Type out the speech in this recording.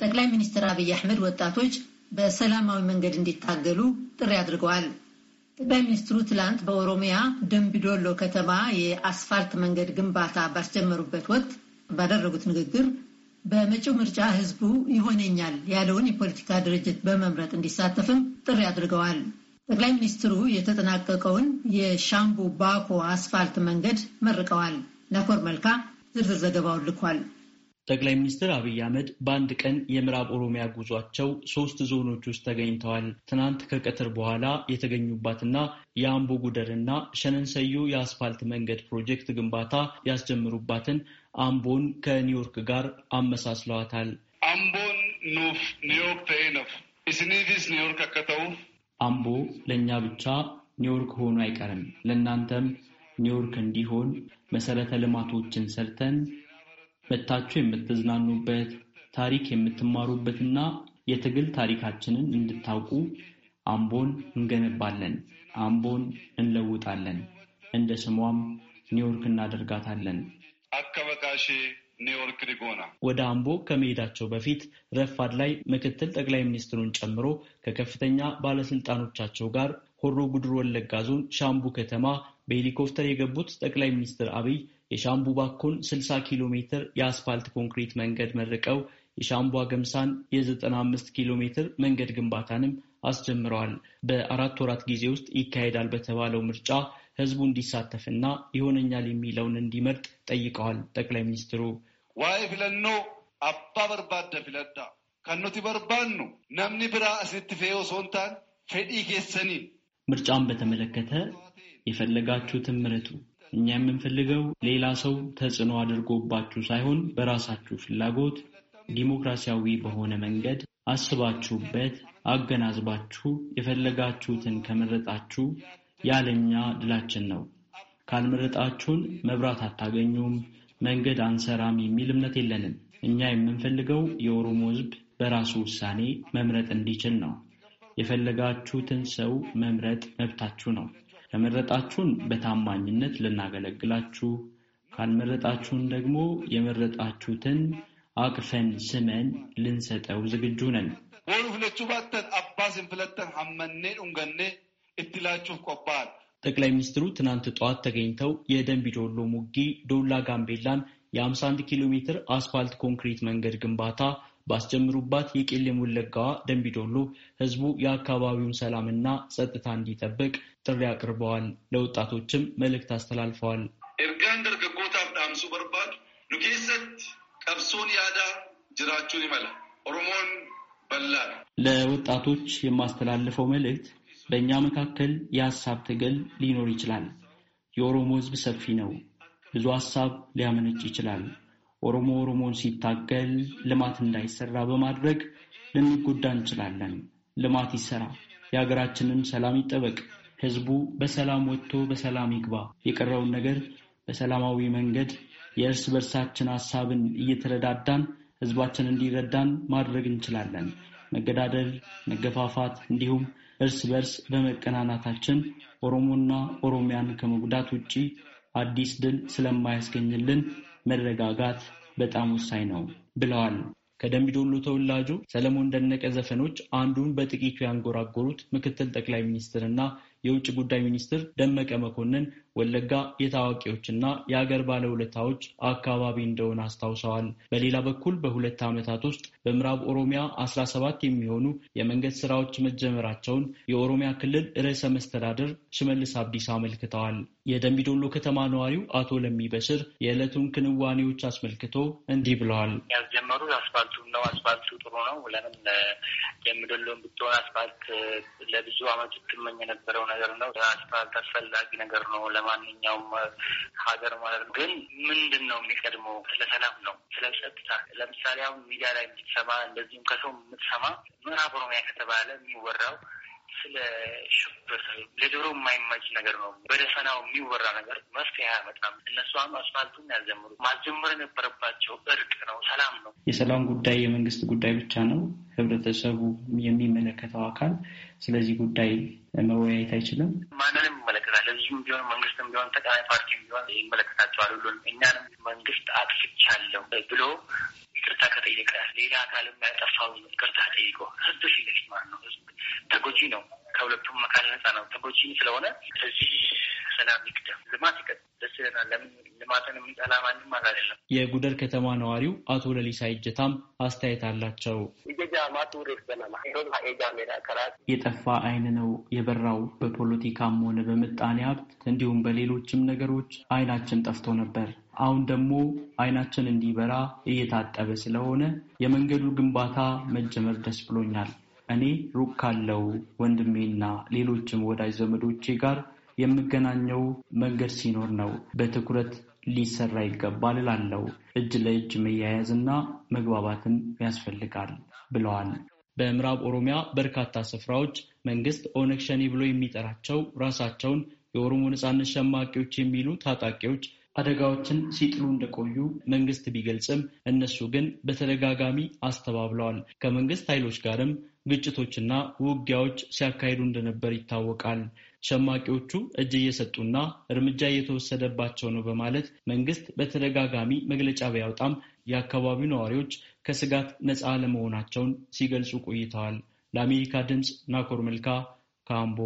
ጠቅላይ ሚኒስትር አብይ አሕመድ ወጣቶች በሰላማዊ መንገድ እንዲታገሉ ጥሪ አድርገዋል። ጠቅላይ ሚኒስትሩ ትላንት በኦሮሚያ ደምቢዶሎ ከተማ የአስፋልት መንገድ ግንባታ ባስጀመሩበት ወቅት ባደረጉት ንግግር በመጪው ምርጫ ህዝቡ ይሆነኛል ያለውን የፖለቲካ ድርጅት በመምረጥ እንዲሳተፍም ጥሪ አድርገዋል። ጠቅላይ ሚኒስትሩ የተጠናቀቀውን የሻምቡ ባኮ አስፋልት መንገድ መርቀዋል። ነኮር መልካ ዝርዝር ዘገባውን ልኳል። ጠቅላይ ሚኒስትር አብይ አህመድ በአንድ ቀን የምዕራብ ኦሮሚያ ጉዟቸው ሶስት ዞኖች ውስጥ ተገኝተዋል። ትናንት ከቀትር በኋላ የተገኙባትና የአምቦ ጉደርና ሸነንሰዩ የአስፋልት መንገድ ፕሮጀክት ግንባታ ያስጀምሩባትን አምቦን ከኒውዮርክ ጋር አመሳስለዋታል። አምቦን ኑፍ ኒውዮርክ ተይነፍ እስኒፊስ ኒውዮርክ አከተውፍ አምቦ ለእኛ ብቻ ኒውዮርክ ሆኖ አይቀርም። ለእናንተም ኒውዮርክ እንዲሆን መሰረተ ልማቶችን ሰርተን መታችሁ የምትዝናኑበት ታሪክ የምትማሩበትና የትግል ታሪካችንን እንድታውቁ አምቦን እንገነባለን፣ አምቦን እንለውጣለን፣ እንደ ስሟም ኒውዮርክ እናደርጋታለን። አከበቃሽ ኒውዮርክ ሪጎና ወደ አምቦ ከመሄዳቸው በፊት ረፋድ ላይ ምክትል ጠቅላይ ሚኒስትሩን ጨምሮ ከከፍተኛ ባለስልጣኖቻቸው ጋር ሆሮ ጉድሮ ወለጋ ዞን ሻምቡ ከተማ በሄሊኮፕተር የገቡት ጠቅላይ ሚኒስትር አብይ የሻምቡ ባኮን 60 ኪሎ ሜትር የአስፋልት ኮንክሪት መንገድ መርቀው የሻምቧ ገምሳን የ95 ኪሎ ሜትር መንገድ ግንባታንም አስጀምረዋል። በአራት ወራት ጊዜ ውስጥ ይካሄዳል በተባለው ምርጫ ህዝቡ እንዲሳተፍና ይሆነኛል የሚለውን እንዲመርጥ ጠይቀዋል። ጠቅላይ ሚኒስትሩ ዋይ ፍለኖ አባ በርባደ ፍለዳ ከኖቲ በርባኑ ነምኒ ብራ ፌዮ ሶንታን ፌዲ ኬሰኒን ምርጫን በተመለከተ የፈለጋችሁትን ምረቱ። እኛ የምንፈልገው ሌላ ሰው ተጽዕኖ አድርጎባችሁ ሳይሆን በራሳችሁ ፍላጎት ዲሞክራሲያዊ በሆነ መንገድ አስባችሁበት አገናዝባችሁ የፈለጋችሁትን ከመረጣችሁ ያለኛ ድላችን ነው። ካልመረጣችሁን መብራት አታገኙም፣ መንገድ አንሰራም የሚል እምነት የለንም። እኛ የምንፈልገው የኦሮሞ ሕዝብ በራሱ ውሳኔ መምረጥ እንዲችል ነው። የፈለጋችሁትን ሰው መምረጥ መብታችሁ ነው። ከመረጣችሁን በታማኝነት ልናገለግላችሁ፣ ካልመረጣችሁን ደግሞ የመረጣችሁትን አቅፈን ስመን ልንሰጠው ዝግጁ ነን። ወይ ሁለቹ ባተን አባስን ፍለተን ሐመኔ ኡንገኔ እትላችሁ ቆባል ጠቅላይ ሚኒስትሩ ትናንት ጠዋት ተገኝተው የደንቢዶሎ ሙጊ ዶላ ጋምቤላን የ51 ኪሎ ሜትር አስፋልት ኮንክሪት መንገድ ግንባታ ባስጀምሩባት የቄለም ወለጋዋ ደንቢዶሎ ህዝቡ የአካባቢውን ሰላምና ጸጥታ እንዲጠብቅ ጥሪ አቅርበዋል። ለወጣቶችም መልእክት አስተላልፈዋል። ኤርጋን ደርገጎታፍ ዳምሱ በርባድ ኑኬሰት ቀብሶን ያዳ ጅራችሁን ይመላ ኦሮሞን በላ። ለወጣቶች የማስተላልፈው መልእክት በእኛ መካከል የሀሳብ ትግል ሊኖር ይችላል። የኦሮሞ ህዝብ ሰፊ ነው። ብዙ ሀሳብ ሊያመነጭ ይችላል። ኦሮሞ ኦሮሞን ሲታገል ልማት እንዳይሰራ በማድረግ ልንጎዳ እንችላለን። ልማት ይሰራ፣ የሀገራችንም ሰላም ይጠበቅ፣ ህዝቡ በሰላም ወጥቶ በሰላም ይግባ፣ የቀረውን ነገር በሰላማዊ መንገድ የእርስ በርሳችን ሀሳብን እየተረዳዳን ህዝባችን እንዲረዳን ማድረግ እንችላለን። መገዳደል፣ መገፋፋት እንዲሁም እርስ በርስ በመቀናናታችን ኦሮሞና ኦሮሚያን ከመጉዳት ውጪ አዲስ ድል ስለማያስገኝልን መረጋጋት በጣም ወሳኝ ነው ብለዋል። ከደምቢዶሎ ተወላጁ ሰለሞን ደነቀ ዘፈኖች አንዱን በጥቂቱ ያንጎራጎሩት ምክትል ጠቅላይ ሚኒስትርና የውጭ ጉዳይ ሚኒስትር ደመቀ መኮንን ወለጋ የታዋቂዎችና የአገር ባለውለታዎች አካባቢ እንደሆነ አስታውሰዋል። በሌላ በኩል በሁለት ዓመታት ውስጥ በምዕራብ ኦሮሚያ 17 የሚሆኑ የመንገድ ስራዎች መጀመራቸውን የኦሮሚያ ክልል ርዕሰ መስተዳድር ሽመልስ አብዲስ አመልክተዋል። የደንቢዶሎ ከተማ ነዋሪው አቶ ለሚ በሽር የዕለቱን ክንዋኔዎች አስመልክቶ እንዲህ ብለዋል። ያስጀመሩት አስፋልቱ ነው። አስፋልቱ ጥሩ ነው። ለምን ደንቢዶሎ ብትሆን አስፋልት ለብዙ አመት ትመኝ የነበረው ነገር ነው። አስፋልት አስፈላጊ ነገር ነው ለማንኛውም ሀገር ማለት ነው። ግን ምንድን ነው የሚቀድመው? ስለ ሰላም ነው፣ ስለ ጸጥታ። ለምሳሌ አሁን ሚዲያ ላይ የምትሰማ እንደዚሁም ከሰው የምትሰማ ምዕራብ ኦሮሚያ ከተባለ የሚወራው ስለ ሽብር ለጆሮ የማይመች ነገር ነው። በደፈናው የሚወራ ነገር መፍትሄ አያመጣም። እነሱ አሁን አስፋልቱን ያዘምሩ። ማዘምር የነበረባቸው እርቅ ነው፣ ሰላም ነው። የሰላም ጉዳይ የመንግስት ጉዳይ ብቻ ነው። ህብረተሰቡ የሚመለከተው አካል ስለዚህ ጉዳይ መወያየት አይችልም። ማንንም ይመለከታል። እዚህም ቢሆን መንግስትም ቢሆን ተቃዋሚ ፓርቲም ቢሆን ይመለከታቸዋል። ሁሉን እኛንም መንግስት አጥፍቻለሁ ብሎ ይቅርታ ከጠየቀ ሌላ አካልም ያጠፋውን ይቅርታ ጠይቆ ህዝብ ፊት ለፊት ማለት ነው ተጎጂ ነው። ከሁለቱም መካል ነጻ ነው። ተጎጂ ስለሆነ እዚህ ሰላም ይቅደም፣ ልማት ይቀጥ ደስ ይለናል። ለምን ልማትን የሚጠላ ማንም አይደለም። የጉደር ከተማ ነዋሪው አቶ ለሊሳ ይጀታም አስተያየት አላቸው። የጠፋ አይን ነው የበራው። በፖለቲካም ሆነ በምጣኔ ሀብት እንዲሁም በሌሎችም ነገሮች አይናችን ጠፍቶ ነበር። አሁን ደግሞ አይናችን እንዲበራ እየታጠበ ስለሆነ የመንገዱ ግንባታ መጀመር ደስ ብሎኛል። እኔ ሩቅ ካለው ወንድሜና ሌሎችም ወዳጅ ዘመዶቼ ጋር የምገናኘው መንገድ ሲኖር ነው። በትኩረት ሊሰራ ይገባል እላለሁ። እጅ ለእጅ መያያዝና መግባባትም ያስፈልጋል ብለዋል። በምዕራብ ኦሮሚያ በርካታ ስፍራዎች መንግስት ኦነግ ሸኔ ብሎ የሚጠራቸው ራሳቸውን የኦሮሞ ነጻነት ሸማቂዎች የሚሉ ታጣቂዎች አደጋዎችን ሲጥሉ እንደቆዩ መንግስት ቢገልጽም እነሱ ግን በተደጋጋሚ አስተባብለዋል። ከመንግስት ኃይሎች ጋርም ግጭቶችና ውጊያዎች ሲያካሂዱ እንደነበር ይታወቃል። ሸማቂዎቹ እጅ እየሰጡና እርምጃ እየተወሰደባቸው ነው በማለት መንግስት በተደጋጋሚ መግለጫ ቢያወጣም የአካባቢው ነዋሪዎች ከስጋት ነፃ አለመሆናቸውን ሲገልጹ ቆይተዋል። ለአሜሪካ ድምፅ ናኮር መልካ ካምቦ